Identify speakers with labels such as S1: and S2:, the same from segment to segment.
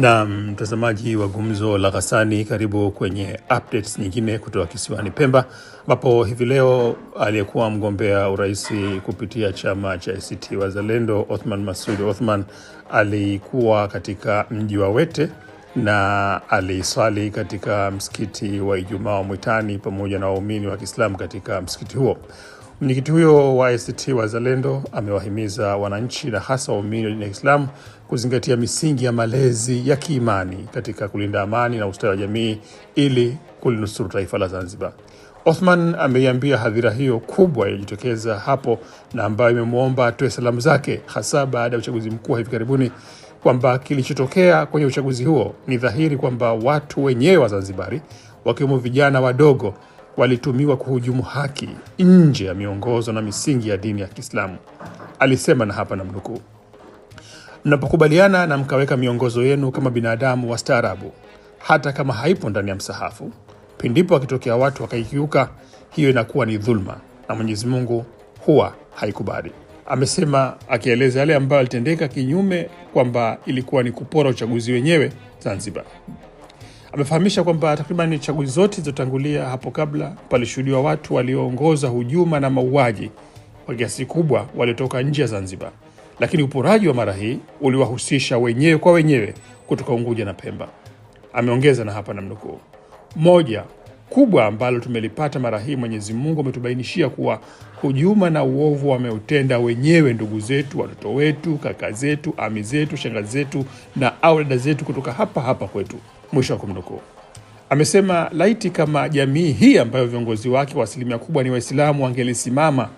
S1: Na mtazamaji wa Gumzo la ghasani karibu kwenye updates nyingine kutoka kisiwani Pemba, ambapo hivi leo aliyekuwa mgombea urais kupitia chama cha ACT Wazalendo Othman masud Othman alikuwa katika mji wa Wete na alisali katika msikiti wa Ijumaa wa Mwitani pamoja na waumini wa Kiislamu katika msikiti huo. Mwenyekiti huyo wa ACT Wazalendo amewahimiza wananchi na hasa waumini wa dini ya Kiislamu kuzingatia misingi ya malezi ya kiimani katika kulinda amani na ustawi wa jamii ili kulinusuru taifa la Zanzibar. Othman ameiambia hadhira hiyo kubwa iliyojitokeza hapo na ambayo imemwomba atoe salamu zake hasa baada ya uchaguzi mkuu wa hivi karibuni kwamba kilichotokea kwenye uchaguzi huo ni dhahiri kwamba watu wenyewe wa Zanzibari wakiwemo vijana wadogo walitumiwa kuhujumu haki nje ya miongozo na misingi ya dini ya Kiislamu. Alisema na hapa namnukuu, mnapokubaliana na mkaweka miongozo yenu kama binadamu wastaarabu, hata kama haipo ndani ya msahafu, pindipo akitokea watu wakaikiuka, hiyo inakuwa ni dhulma na Mwenyezi Mungu huwa haikubali. Amesema akieleza yale ambayo alitendeka kinyume, kwamba ilikuwa ni kupora uchaguzi wenyewe Zanzibar amefahamisha kwamba takriban chaguzi zote zilizotangulia hapo kabla palishuhudiwa watu walioongoza hujuma na mauaji kwa kiasi kubwa waliotoka nje ya Zanzibar, lakini uporaji wa mara hii uliwahusisha wenyewe kwa wenyewe kutoka Unguja na Pemba. Ameongeza na hapa namnukuu, moja kubwa ambalo tumelipata mara hii, Mwenyezi Mungu ametubainishia kuwa hujuma na uovu wameutenda wenyewe ndugu zetu, watoto wetu, kaka zetu, ami zetu, shangazi zetu na au dada zetu kutoka hapa hapa kwetu mwisho wa kumnukuu. Amesema laiti kama jamii hii ambayo viongozi wake kwa asilimia kubwa ni Waislamu wangelisimama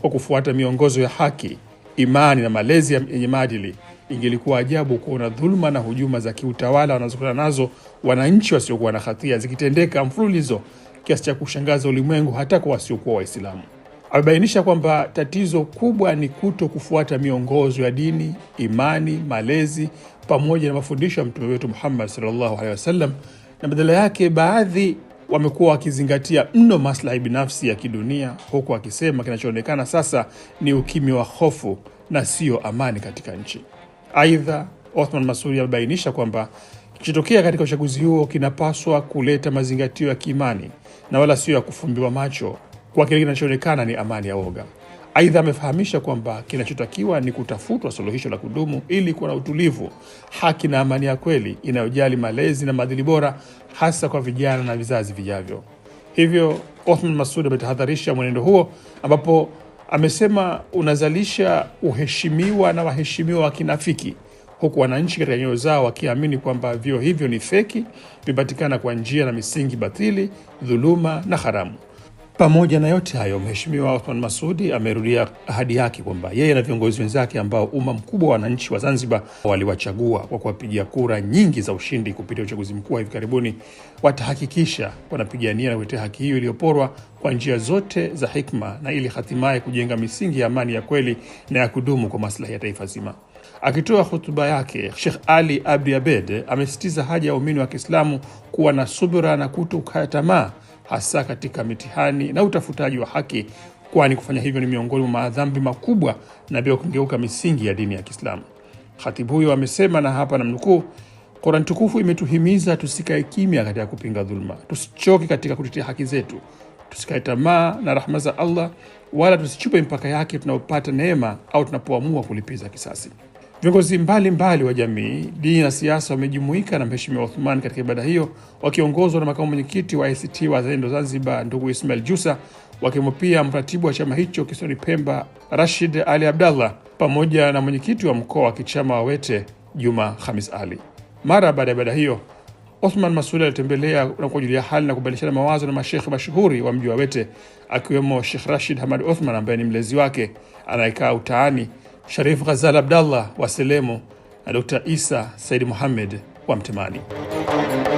S1: kwa kufuata miongozo ya haki, imani na malezi yenye maadili, ingelikuwa ajabu kuona dhuluma na hujuma za kiutawala wanazokutana nazo wananchi wasiokuwa na hatia zikitendeka mfululizo kiasi cha kushangaza ulimwengu hata kwa wasiokuwa Waislamu. Amebainisha kwamba tatizo kubwa ni kuto kufuata miongozo ya dini, imani, malezi pamoja na mafundisho ya Mtume wetu Muhammad sallallahu alaihi wasallam, na badala yake baadhi wamekuwa wakizingatia mno maslahi binafsi ya kidunia, huku akisema kinachoonekana sasa ni ukimi wa hofu na sio amani katika nchi. Aidha, Othman masuri amebainisha kwamba kichotokea katika uchaguzi huo kinapaswa kuleta mazingatio ya kiimani na wala sio ya kufumbiwa macho kwa kile kinachoonekana ni amani ya woga. Aidha, amefahamisha kwamba kinachotakiwa ni kutafutwa suluhisho la kudumu ili kuwa na utulivu, haki na amani ya kweli inayojali malezi na maadili bora, hasa kwa vijana na vizazi vijavyo. Hivyo Othman Masud ametahadharisha mwenendo huo, ambapo amesema unazalisha uheshimiwa na waheshimiwa wa kinafiki, huku wananchi katika nyoyo zao wakiamini kwamba vio hivyo ni feki, vimepatikana kwa njia na misingi batili, dhuluma na haramu. Pamoja na yote hayo, Mheshimiwa Othman Masudi amerudia ahadi yake kwamba yeye na viongozi wenzake ambao umma mkubwa wa wananchi wa Zanzibar waliwachagua kwa kuwapigia kura nyingi za ushindi kupitia uchaguzi mkuu wa hivi karibuni, watahakikisha wanapigania na kutetea haki hiyo iliyoporwa kwa njia zote za hikma, na ili hatimaye kujenga misingi ya amani ya kweli na ya kudumu kwa maslahi ya taifa zima. Akitoa hotuba yake, Sheikh Ali Abdi Abed amesisitiza haja ya waumini wa Kiislamu kuwa na subira na kutokata tamaa hasa katika mitihani na utafutaji wa haki, kwani kufanya hivyo ni miongoni mwa madhambi makubwa na pia kungeuka misingi ya dini ya Kiislamu. Khatibu huyo amesema, na hapa na mnukuu Qur'an tukufu imetuhimiza tusikae kimya katika kupinga dhulma, tusichoke katika kutetea haki zetu, tusikae tamaa na rahma za Allah, wala tusichupe mipaka yake tunapopata neema au tunapoamua kulipiza kisasi. Viongozi mbalimbali wa jamii, dini na siasa wamejumuika na Mheshimiwa Othman katika ibada hiyo wakiongozwa na makamu mwenyekiti wa ACT Wazalendo Zanzibar ndugu Ismail Jusa, wakiwemo pia mratibu wa chama hicho kisiwani Pemba Rashid Ali Abdallah pamoja na mwenyekiti wa mkoa wa kichama Wawete Juma Khamis Ali. Mara baada ya ibada hiyo, Othman masudi alitembelea na kujulia hali na kubadilishana mawazo na mashekhe mashuhuri wa mji wa Wete, akiwemo Shekh Rashid Hamad Othman ambaye ni mlezi wake anayekaa utaani Sharif Ghazal Abdallah wa Selemo na Dr. Isa Said Mohamed wa Mtemani.